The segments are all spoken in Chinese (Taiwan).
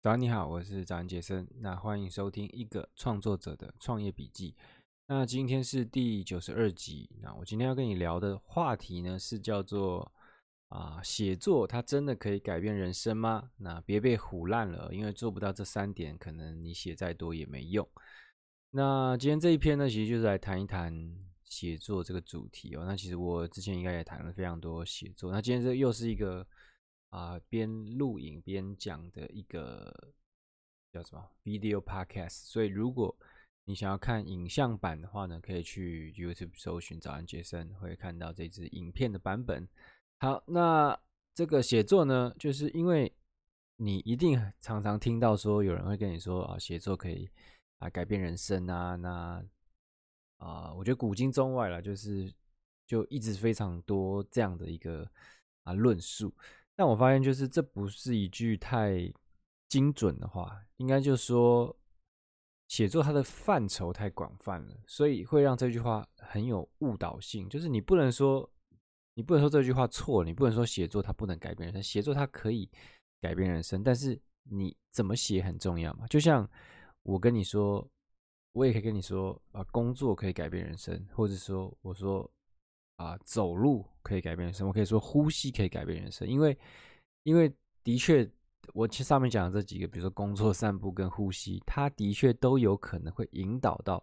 早安你好，我是早安傑森。那歡迎收聽一個創作者的創業筆記。那今天是第九十二集。那我今天要跟你聊的話題呢，是叫做啊、呃，寫作它真的可以改變人生嗎？那別被唬爛了，因為做不到這三點，可能你寫再多也沒用。那今天這一篇呢，其實就是來談一談寫作這個主題哦。那其實我之前應該也談了非常多寫作。那今天這又是一個。啊、呃，邊錄影邊講的一個叫什麼 video podcast，所以如果你想要看影像版的話呢，可以去 YouTube 搜尋“早安傑森”，會看到這支影片的版本。好，那這個寫作呢，就是因為你一定常常聽到說有人會跟你說啊，寫作可以啊改變人生啊，那啊、呃，我覺得古今中外啦，就是就一直非常多這樣的一個啊論述。但我發現，就是這不是一句太精準的話，應該就是說寫作它的範疇太廣泛了，所以會讓這句話很有誤導性。就是你不能說，你不能說這句話錯了，你不能說寫作它不能改變人生，寫作它可以改變人生，但是你怎麼寫很重要嘛。就像我跟你說，我也可以跟你說啊，工作可以改變人生，或者說我說。啊、呃，走路可以改變人生，我可以說呼吸可以改變人生，因為，因為的確，我其實上面講的這幾個，比如說工作、散步跟呼吸，它的確都有可能會引導到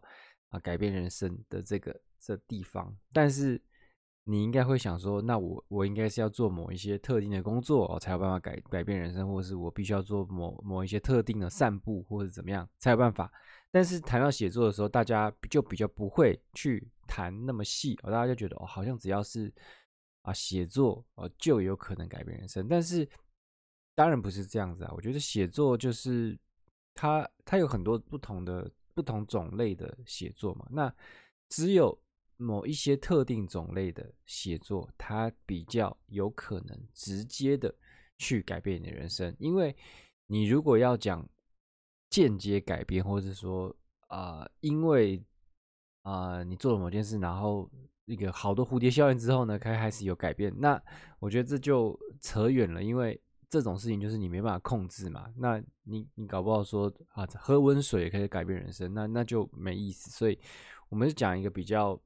啊、呃，改變人生的這個這地方，但是。你應該會想說，那我我應該是要做某一些特定的工作，哦，才有辦法改改變人生，或是我必須要做某某一些特定的散步，或者怎麼樣才有辦法。但是談到寫作的時候，大家就比較不會去談那麼細哦，大家就覺得哦，好像只要是啊寫作哦，就有可能改變人生。但是當然不是這樣子啊，我覺得寫作就是它它有很多不同的不同種類的寫作嘛，那只有。某一些特定種類的寫作，它比較有可能直接的去改變你的人生。因為你如果要講間接改變，或者說啊、呃，因為啊、呃、你做了某件事，然後一個好多蝴蝶效應之後呢，開開始有改變。那我覺得這就扯遠了，因為這種事情就是你沒辦法控制嘛。那你你搞不好說啊，喝溫水也可以改變人生，那那就沒意思。所以，我們是講一個比較。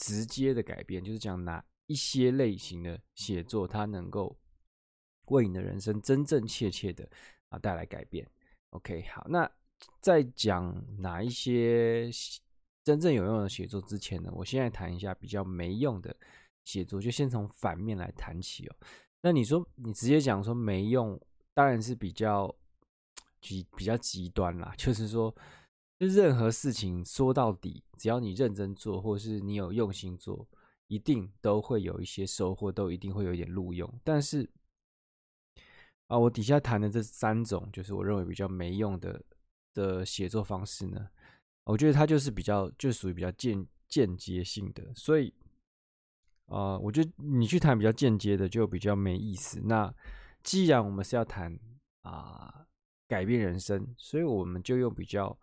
直接的改變，就是講哪一些類型的寫作，它能夠為你的人生真真切切的啊帶來改變。OK，好，那在講哪一些真正有用的寫作之前呢，我現在談一下比較沒用的寫作，就先從反面來談起哦。那你說你直接講說沒用，當然是比較極比較極端啦，就是說。就任何事情說到底，只要你認真做，或是你有用心做，一定都會有一些收穫，都一定會有一點路用。但是啊、呃，我底下談的這三種，就是我認為比較沒用的的寫作方式呢，我覺得它就是比較就屬於比較間間接性的。所以啊、呃，我覺得你去談比較間接的就比較沒意思。那既然我們是要談啊、呃、改變人生，所以我們就用比較，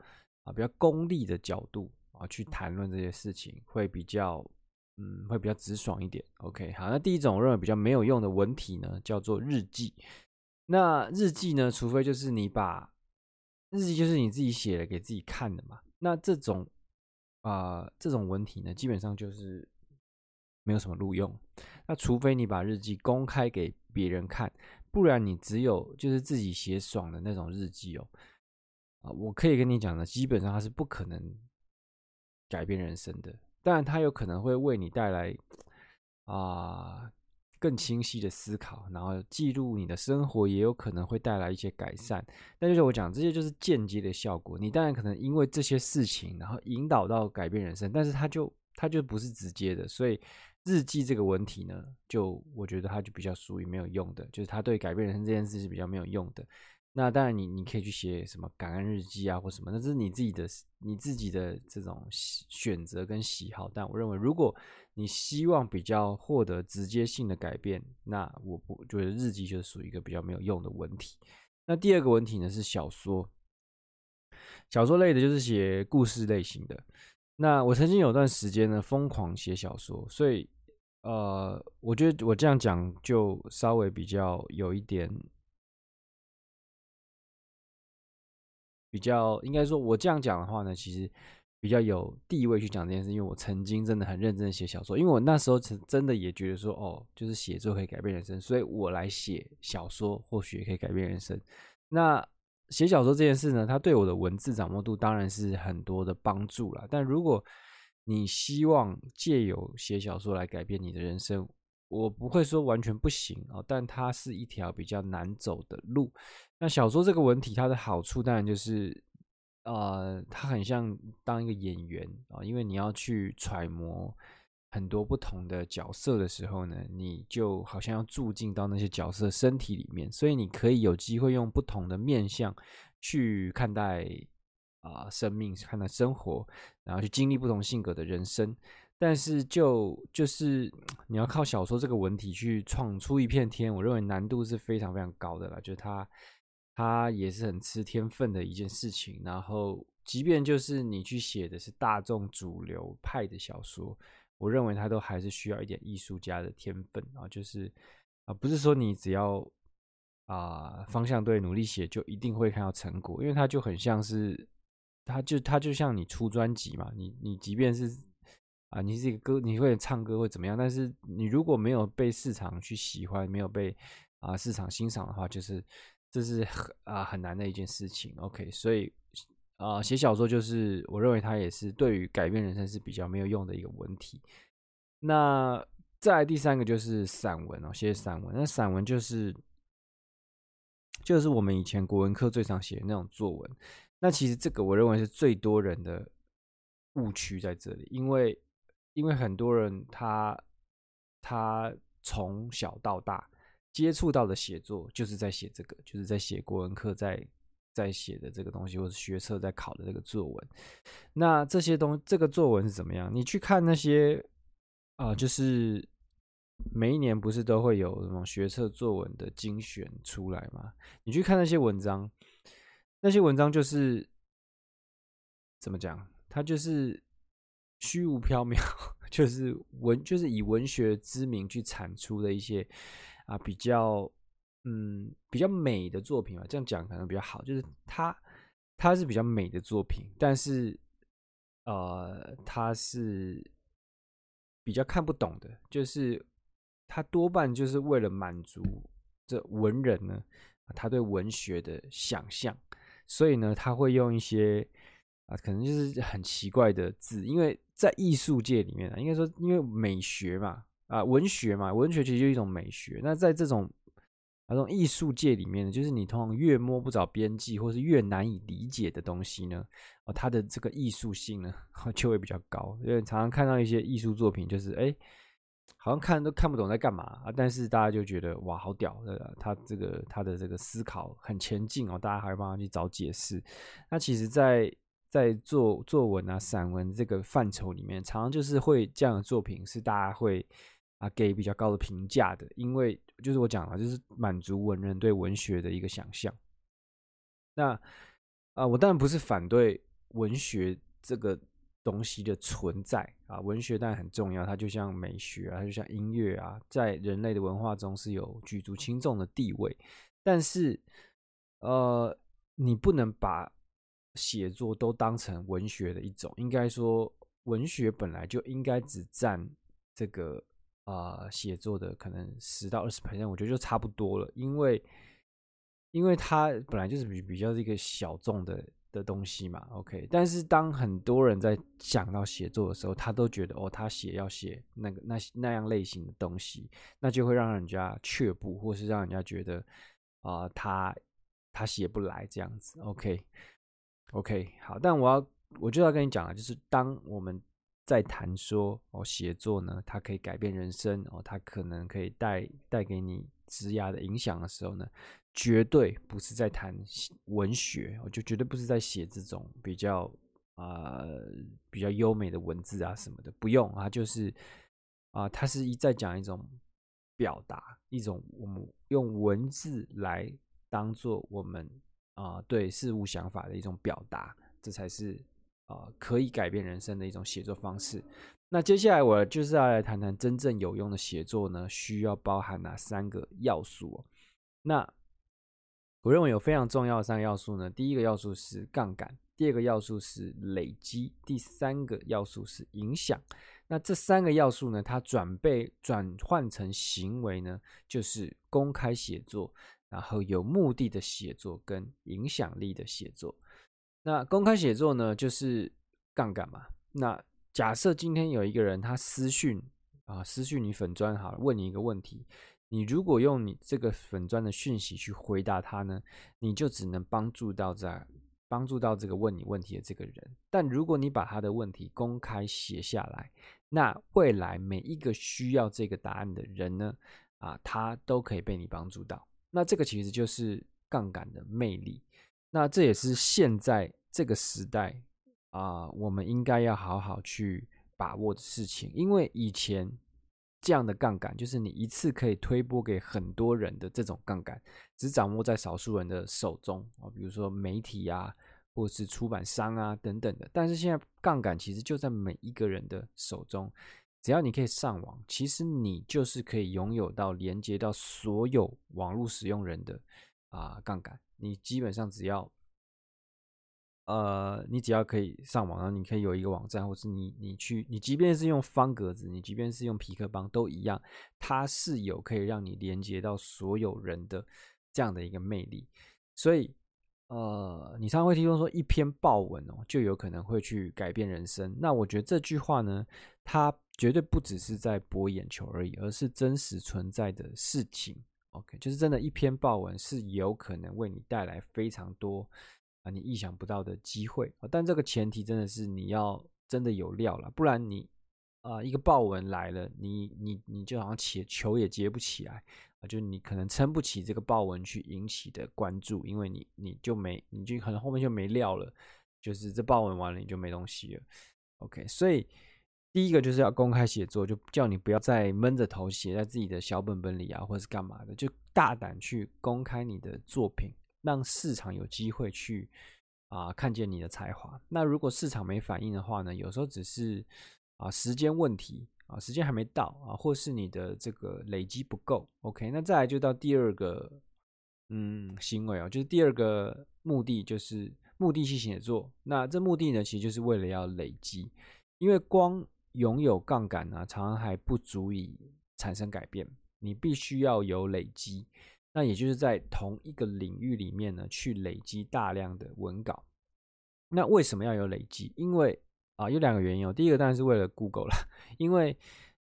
啊，比較功利的角度啊，去談論這些事情會比較，嗯，會比較直爽一點。OK，好，那第一種我認為比較沒有用的文體呢，叫做日記。那日記呢，除非就是你把日記就是你自己寫的給自己看的嘛。那這種啊、呃，這種文體呢，基本上就是沒有什麼路用。那除非你把日記公開給別人看，不然你只有就是自己寫爽的那種日記哦。啊，我可以跟你講的，基本上它是不可能改變人生的，當然它有可能會為你帶來啊、呃、更清晰的思考，然後記錄你的生活，也有可能會帶來一些改善。那就是我講，這些就是間接的效果。你當然可能因為這些事情，然後引導到改變人生，但是它就它就不是直接的。所以日記這個文體呢，就我覺得它就比較屬於沒有用的，就是它對改變人生這件事是比較沒有用的。那當然你，你你可以去寫什麼感恩日記啊，或什麼，那是你自己的你自己的這種選擇跟喜好。但我認為，如果你希望比較獲得直接性的改變，那我我覺得日記就是屬於一個比較沒有用的文體。那第二個文體呢，是小說，小說類的就是寫故事類型的。那我曾經有段時間呢瘋狂寫小說，所以呃，我覺得我這樣講就稍微比較有一點。比較應該說，我這樣講的話呢，其實比較有地位去講這件事，因為我曾經真的很認真寫小說，因為我那時候真的也覺得說，哦，就是寫作可以改變人生，所以我來寫小說，或許也可以改變人生。那寫小說這件事呢，它對我的文字掌握度當然是很多的幫助了，但如果你希望借由寫小說來改變你的人生，我不會說完全不行啊、哦，但它是一條比較難走的路。那小說這個文體它的好處，當然就是，啊、呃，它很像當一個演員啊、哦，因為你要去揣摩很多不同的角色的時候呢，你就好像要住進到那些角色身體裡面，所以你可以有機會用不同的面向去看待啊、呃，生命、看待生活，然後去經歷不同性格的人生。但是就就是你要靠小說這個文體去創出一片天，我認為難度是非常非常高的啦。就是它，它也是很吃天分的一件事情。然後，即便就是你去寫的是大眾主流派的小說，我認為它都還是需要一點藝術家的天分啊。就是啊、呃，不是說你只要啊、呃、方向對，努力寫就一定會看到成果，因為它就很像是，它就它就像你出專輯嘛，你你即便是。啊，你是一個歌，你會唱歌或怎麼樣？但是你如果沒有被市場去喜歡，沒有被啊市場欣賞的話，就是這是很啊很難的一件事情。OK，所以啊寫小說就是我認為它也是對於改變人生是比較沒有用的一個文體。那再來第三個就是散文哦，寫散文。那散文就是就是我們以前國文課最常寫的那種作文。那其實這個我認為是最多人的誤區在這裡，因為。因為很多人他，他他從小到大接觸到的寫作，就是在寫這個，就是在寫國文課在在寫的這個東西，或者學測在考的這個作文。那這些東，這個作文是怎麼樣？你去看那些啊、呃，就是每一年不是都會有什麼學測作文的精選出來嗎？你去看那些文章，那些文章就是怎麼講？它就是。虛無縹緲，就是文，就是以文學之名去產出的一些，啊，比較，嗯，比較美的作品吧，這樣講可能比較好。就是它，他是比較美的作品，但是，呃，它是比較看不懂的。就是它多半就是為了滿足這文人呢，他對文學的想象，所以呢，他會用一些。啊，可能就是很奇怪的字，因為在藝術界裡面呢、啊，應該說，因為美學嘛，啊，文學嘛，文學其實就是一種美學。那在這種那、啊、種藝術界裡面呢，就是你通常越摸不着邊際，或是越難以理解的東西呢，啊，它的這個藝術性呢、啊，就會比較高。因為常常看到一些藝術作品，就是哎、欸，好像看都看不懂在幹嘛啊，但是大家就覺得哇，好屌的，他、啊、這個他的這個思考很前進哦，大家還幫他去找解釋。那其實，在在作作文啊、散文這個範疇裡面，常常就是會這樣的作品是大家會啊給比較高的評價的，因為就是我講了，就是滿足文人對文學的一個想象。那啊，我當然不是反對文學這個東西的存在啊，文學當然很重要，它就像美學啊，它就像音樂啊，在人類的文化中是有舉足輕重的地位。但是，呃，你不能把寫作都當成文學的一種，應該說文學本來就應該只佔這個啊寫作的可能十到二十 percent，我覺得就差不多了，因為因為它本來就是比比較一個小眾的的東西嘛。OK，但是當很多人在講到寫作的時候，他都覺得哦，他寫要寫那個那那樣類型的東西，那就會讓人家卻步，或是讓人家覺得啊，他他寫不來這樣子。OK。OK，好，但我要我就要跟你講了，就是當我們在談說哦，寫作呢，它可以改變人生哦，它可能可以帶帶給你直雅的影響的時候呢，絕對不是在談文學，我就絕對不是在寫這種比較呃比較優美的文字啊什麼的，不用啊，它就是啊、呃，它是一再講一種表達，一種我們用文字來當做我們。啊、呃，對事物想法的一種表達，這才是啊、呃，可以改變人生的一種寫作方式。那接下來我就是要來談談真正有用的寫作呢，需要包含哪三個要素？那我認為有非常重要的三個要素呢，第一個要素是槓桿，第二個要素是累積，第三個要素是影響。那這三個要素呢，它轉被轉換成行為呢，就是公開寫作。然後有目的的寫作跟影響力的寫作，那公開寫作呢，就是槓桿嘛。那假設今天有一個人他私訊啊、呃，私訊你粉專，哈，問你一個問題，你如果用你這個粉專的訊息去回答他呢，你就只能幫助到這幫助到這個問你問題的這個人。但如果你把他的問題公開寫下來，那未來每一個需要這個答案的人呢，啊，他都可以被你幫助到。那這個其實就是槓桿的魅力，那這也是現在這個時代啊，呃，我們應該要好好去把握的事情。因為以前這樣的槓桿，就是你一次可以推播給很多人的這種槓桿，只掌握在少數人的手中啊，比如說媒體啊，或者是出版商啊等等的。但是現在槓桿其實就在每一個人的手中。只要你可以上網，其實你就是可以擁有到連接到所有網絡使用人的啊槓桿。你基本上只要，呃，你只要可以上網，然後你可以有一個網站，或是你你去，你即便是用方格子，你即便是用皮克邦，都一樣，它是有可以讓你連接到所有人的這樣的一個魅力。所以，呃，你常常會聽說一篇報文哦，就有可能會去改變人生。那我覺得這句話呢，它。絕對不只是在博眼球而已，而是真實存在的事情。OK，就是真的，一篇爆文是有可能為你帶來非常多啊，你意想不到的機會啊。但這個前提真的是你要真的有料了，不然你啊，一個爆文來了，你你你就好像接球也接不起來啊，就你可能撐不起這個爆文去引起的關注，因為你你就沒你就可能後面就沒料了，就是這爆文完了你就沒東西了。OK，所以。第一個就是要公開寫作，就叫你不要再悶着頭寫在自己的小本本裡啊，或是幹嘛的，就大膽去公開你的作品，讓市場有機會去啊看見你的才華。那如果市場沒反應的話呢，有時候只是啊時間問題啊，啊時間還沒到啊，或是你的這個累積不夠。OK，那再來就到第二個嗯行為哦，就是第二個目的就是目的性寫作。那這目的呢，其實就是為了要累積，因為光擁有槓桿呢，常常還不足以產生改變。你必須要有累積，那也就是在同一個領域裡面呢，去累積大量的文稿。那為什麼要有累積？因為啊，有兩個原因哦，第一個當然是為了 Google 了，因為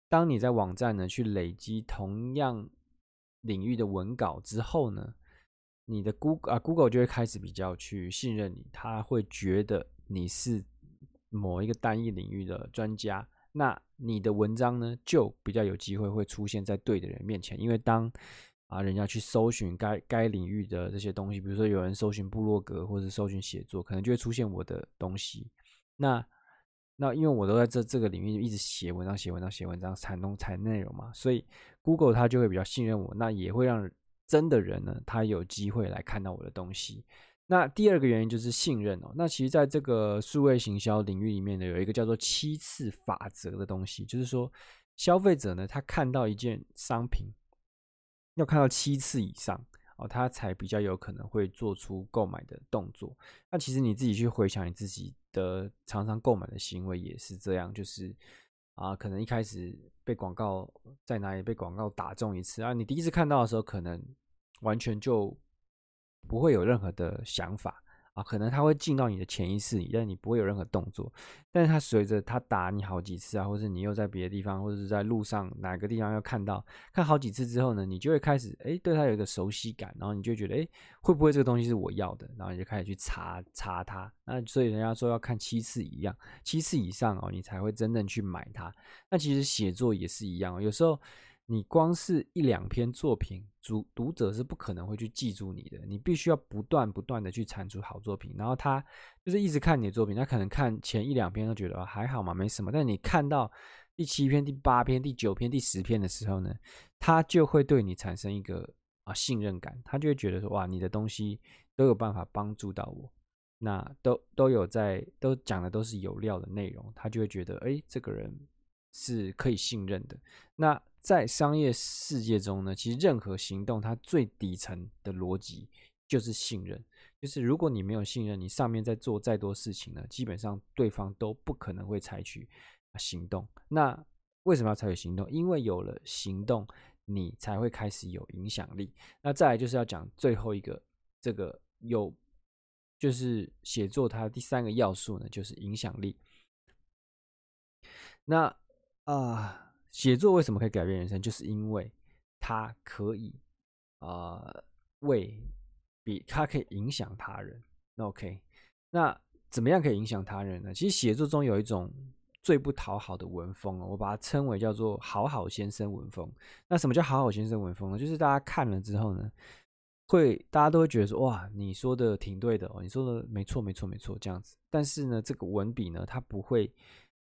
當你在網站呢去累積同樣領域的文稿之後呢，你的 Google 啊 Google 就會開始比較去信任你，他會覺得你是某一個單一領域的專家。那你的文章呢，就比較有機會會出現在對的人面前，因為當啊，人家去搜尋該該領域的這些東西，比如說有人搜尋部落格或者搜尋寫作，可能就會出現我的東西。那那因為我都在這這個領域一直寫文章、寫文章、寫文章，產內容、產內容嘛，所以 Google 它就會比較信任我，那也會讓真的人呢，他有機會來看到我的東西。那第二個原因就是信任哦。那其實，在這個數位行銷領域裡面呢，有一個叫做七次法則的東西，就是說，消費者呢，他看到一件商品，要看到七次以上哦，他才比較有可能會做出購買的動作。那其實你自己去回想你自己的常常購買的行為也是這樣，就是啊，可能一開始被廣告，在哪裡被廣告打中一次啊，你第一次看到的時候，可能完全就。不會有任何的想法啊，可能他會進到你的潛意識裡，但是你不會有任何動作。但是他隨着他打你好幾次啊，或者你又在別的地方，或者是在路上哪個地方又看到看好幾次之後呢，你就會開始誒對他有一個熟悉感，然後你就會覺得哎會不會這個東西是我要的，然後你就開始去查查它。那所以人家說要看七次一樣，七次以上哦，你才會真正去買它。那其實寫作也是一樣哦，有時候。你光是一兩篇作品，讀讀者是不可能會去記住你的。你必須要不斷不斷地去產出好作品，然後他就是一直看你的作品。他可能看前一兩篇都覺得還好嘛，沒什麼。但你看到第七篇、第八篇、第九篇、第十篇的時候呢，他就會對你產生一個啊信任感。他就會覺得說，哇，你的東西都有辦法幫助到我，那都都有在都講的都是有料的內容，他就會覺得，誒，這個人是可以信任的。那在商業世界中呢，其實任何行動，它最底層的邏輯就是信任。就是如果你沒有信任，你上面在做再多事情呢，基本上對方都不可能會採取行動。那為什麼要採取行動？因為有了行動，你才會開始有影響力。那再來就是要講最後一個，這個有就是寫作它的第三個要素呢，就是影響力。那啊。呃寫作為什麼可以改變人生？就是因為它可以，呃，為比它可以影響他人。那 OK，那怎麼樣可以影響他人呢？其實寫作中有一種最不討好的文風哦，我把它稱為叫做“好好先生”文風。那什麼叫“好好先生”文風呢？就是大家看了之後呢，會大家都會覺得說，哇，你說的挺對的哦，你說的沒錯，沒錯，沒錯，沒錯這樣子。但是呢，這個文筆呢，它不會。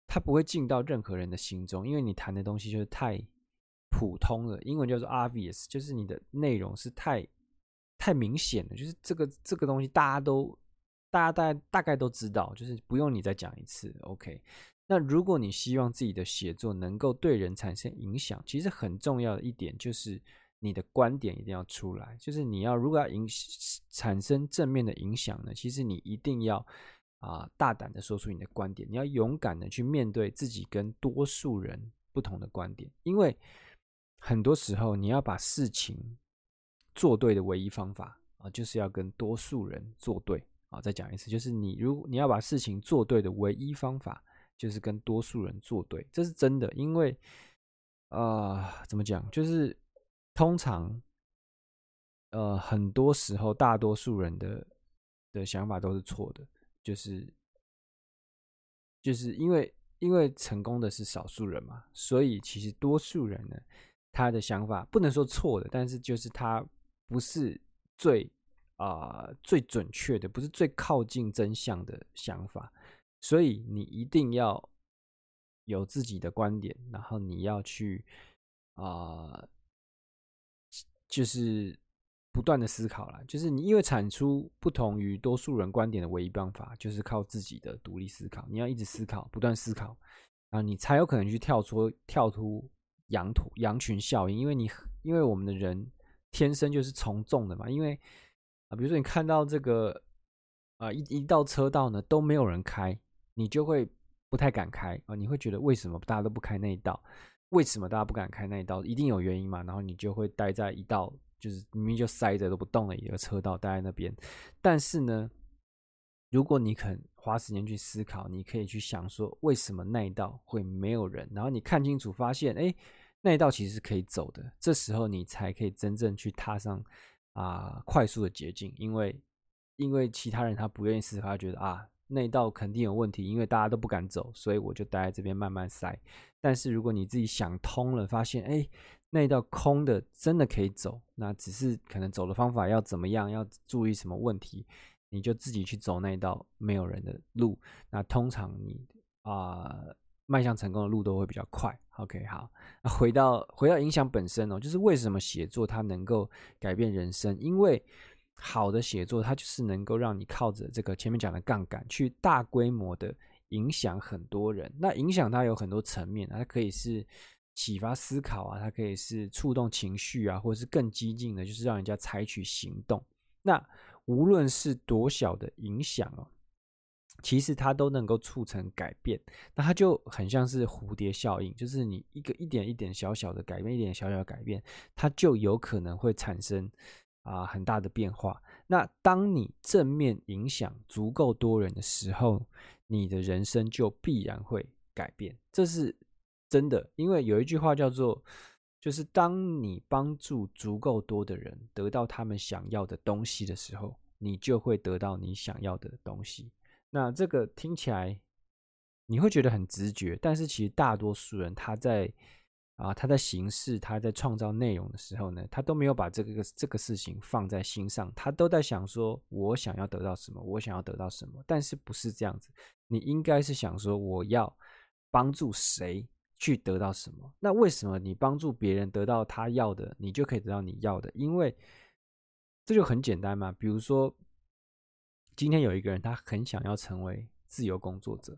它不會進到任何人的心中，因為你談的東西就是太普通了。英文叫做 obvious，就是你的內容是太太明顯的，就是這個這個東西大家都大家大概大概都知道，就是不用你再講一次。OK，那如果你希望自己的寫作能夠對人產生影響，其實很重要的一點就是你的觀點一定要出來，就是你要，如果要影產生正面的影響呢，其實你一定要。啊，大膽的說出你的觀點，你要勇敢的去面對自己跟多數人不同的觀點，因為很多時候你要把事情做對的唯一方法啊，就是要跟多數人做對啊。再講一次，就是你如果你要把事情做對的唯一方法，就是跟多數人做對，這是真的。因為啊、呃，怎麼講？就是通常呃，很多時候大多數人的的想法都是錯的。就是就是因為因為成功的是少數人嘛，所以其實多數人呢，他的想法不能說錯的，但是就是他不是最啊、呃、最準確的，不是最靠近真相的想法，所以你一定要有自己的觀點，然後你要去啊、呃，就是。不斷的思考啦，就是你因為產出不同於多數人觀點的唯一辦法，就是靠自己的獨立思考。你要一直思考，不斷思考啊，你才有可能去跳出跳出羊駝羊群效應。因為你因為我們的人天生就是從眾的嘛。因為啊，比如說你看到這個啊一一道車道呢都沒有人開，你就會不太敢開啊，你會覺得為什麼大家都不開那一道？為什麼大家不敢開那一道？一定有原因嘛。然後你就會待在一道。就是明明就塞着都不動的一個車道待在那邊，但是呢，如果你肯花時間去思考，你可以去想說為什麼那一道會沒有人，然後你看清楚發現，哎，那一道其實是可以走的，這時候你才可以真正去踏上啊快速的捷徑，因為因為其他人他不願意思考，他覺得啊。那一道肯定有問題，因為大家都不敢走，所以我就待在這邊慢慢塞。但是如果你自己想通了，發現哎，那一道空的真的可以走，那只是可能走的方法要怎麼樣，要注意什麼問題，你就自己去走那一道沒有人的路。那通常你啊、呃、邁向成功的路都會比較快。OK，好，回到回到影響本身哦，就是為什麼寫作它能夠改變人生？因為。好的寫作，它就是能夠讓你靠着這個前面講的槓桿，去大規模的影響很多人。那影響它有很多層面，它可以是啟發思考啊，它可以是觸動情緒啊，或者是更激進的，就是讓人家採取行動。那無論是多小的影響哦，其實它都能夠促成改變。那它就很像是蝴蝶效應，就是你一個一點一點小小的改變，一點小小的改變，它就有可能會產生，啊，很大的變化。那當你正面影響足夠多人的時候，你的人生就必然會改變，這是真的。因為有一句話叫做，就是當你幫助足夠多的人得到他們想要的東西的時候，你就會得到你想要的東西。那這個聽起來你會覺得很直覺，但是其實大多數人他在。啊，他在行事，他在創造內容的時候呢，他都沒有把這個這個事情放在心上，他都在想說，我想要得到什麼，我想要得到什麼。但是不是這樣子？你應該是想說，我要幫助誰去得到什麼？那為什麼你幫助別人得到他要的，你就可以得到你要的？因為這就很簡單嘛。比如說，今天有一個人，他很想要成為自由工作者，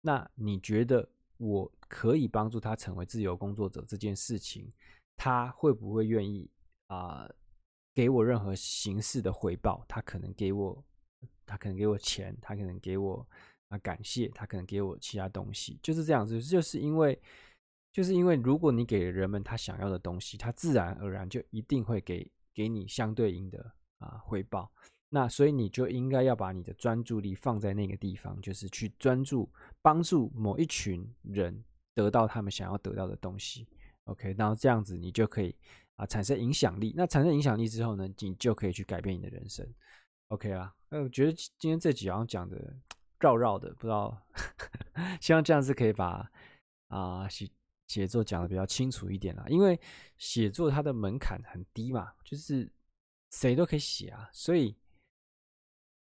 那你覺得？我可以幫助他成為自由工作者這件事情，他會不會願意啊、呃？給我任何形式的回報？他可能給我，他可能給我錢，他可能給我啊、呃、感謝，他可能給我其他東西，就是這樣子。就是因為，就是因為如果你給人們他想要的東西，他自然而然就一定會給給你相對應的啊、呃、回報。那所以你就應該要把你的專注力放在那個地方，就是去專注幫助某一群人得到他們想要得到的東西。OK，那這樣子你就可以啊產生影響力。那產生影響力之後呢，你就可以去改變你的人生。OK 啦、啊，呃，我覺得今天這幾行講的繞繞的，不知道呵呵，希望這樣子可以把啊、呃、寫寫作講的比較清楚一點啦。因為寫作它的門檻很低嘛，就是誰都可以寫啊，所以。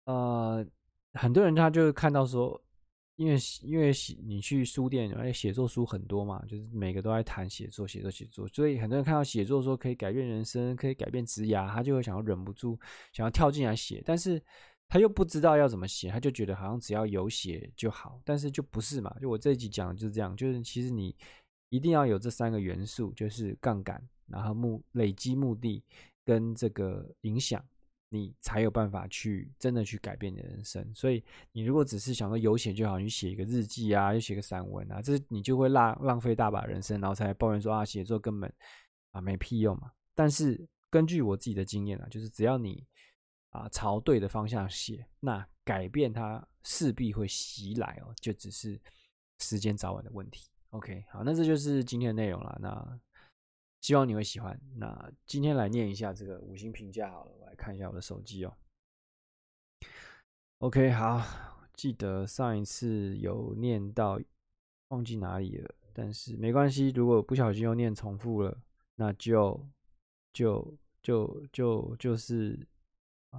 呃，很多人他就是看到說，因為因為你去書店，而且寫作書很多嘛，就是每個都在談寫作、寫作、寫作，所以很多人看到寫作說可以改變人生，可以改變職業，他就會想要忍不住想要跳進來寫，但是他又不知道要怎麼寫，他就覺得好像只要有寫就好，但是就不是嘛。就我這一集講的就是這樣，就是其實你一定要有這三個元素，就是槓桿，然後目累積目的跟這個影響。你才有辦法去真的去改變你的人生，所以你如果只是想說有寫就好，你寫一個日記啊，又寫個散文啊，這你就會浪浪費大把人生，然後才抱怨說啊，寫作根本啊沒屁用嘛。但是根據我自己的經驗啊，就是只要你啊朝對的方向寫，那改變它勢必會襲來哦，就只是時間早晚的問題。OK，好，那這就是今天的內容了，那。希望你會喜歡。那今天來念一下這個五星評價好了。我來看一下我的手機哦，喔。OK，好，記得上一次有念到，忘記哪裡了，但是沒關係。如果不小心又念重複了，那就就就就就是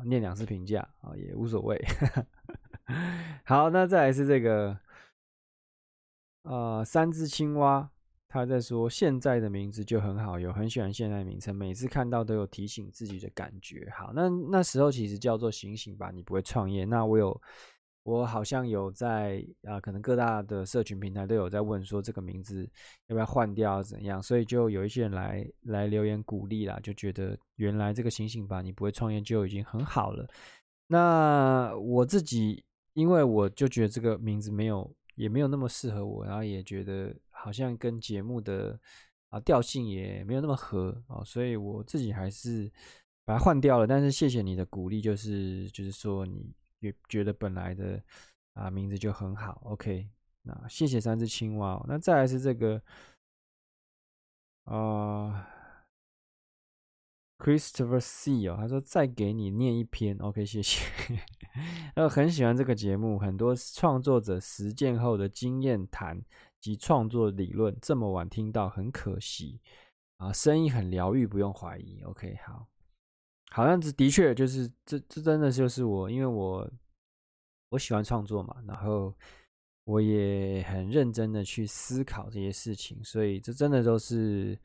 念兩次評價啊也無所謂。 好，那再來是這個，呃，三隻青蛙。他在說現在的名字就很好有，有很喜歡現在的名稱，每次看到都有提醒自己的感覺。好，那，那時候其實叫做醒醒吧，你不會創業。那我有，我好像有在，啊，可能各大的社群平台都有在問說這個名字要不要換掉，怎樣，所以就有一些人來，來留言鼓勵啦，就覺得原來這個醒醒吧，你不會創業就已經很好了。那，我自己，因為我就覺得這個名字沒有，也沒有那麼適合我，然後也覺得。好像跟節目的啊調性也沒有那麼合啊、喔，所以我自己還是把它換掉了。但是謝謝你的鼓勵，就是就是說你也覺得本來的啊名字就很好。OK，那謝謝三隻青蛙。那再來是這個啊、呃、，Christopher C 哦、喔，他說再給你念一篇。OK，謝謝。那我， 很喜歡這個節目，很多創作者實踐後的經驗談。及創作理論，這麼晚聽到很可惜啊！聲音很療癒，不用懷疑。OK，好，好像的確就是這這真的就是我，因為我我喜歡創作嘛，然後我也很認真的去思考這些事情，所以這真的都是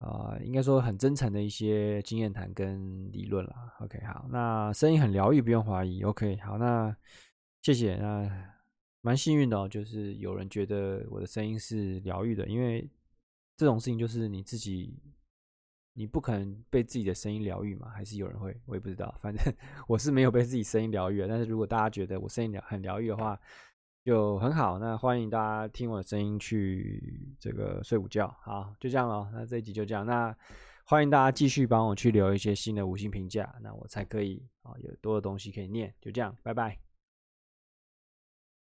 啊、呃，應該說很真誠的一些經驗談跟理論啦。OK，好，那聲音很療癒，不用懷疑。OK，好，那謝謝，那。蠻幸運的，哦，就是有人覺得我的聲音是療癒的，因為這種事情就是你自己，你不可能被自己的聲音療癒嘛，還是有人會，我也不知道，反正我是沒有被自己聲音療癒。但是如果大家覺得我聲音很療癒的話，就很好。那歡迎大家聽我的聲音去這個睡午覺，好，就這樣了。那這一集就這樣，那歡迎大家繼續幫我去留一些新的五星評價，那我才可以啊有多的東西可以念。就這樣，拜拜。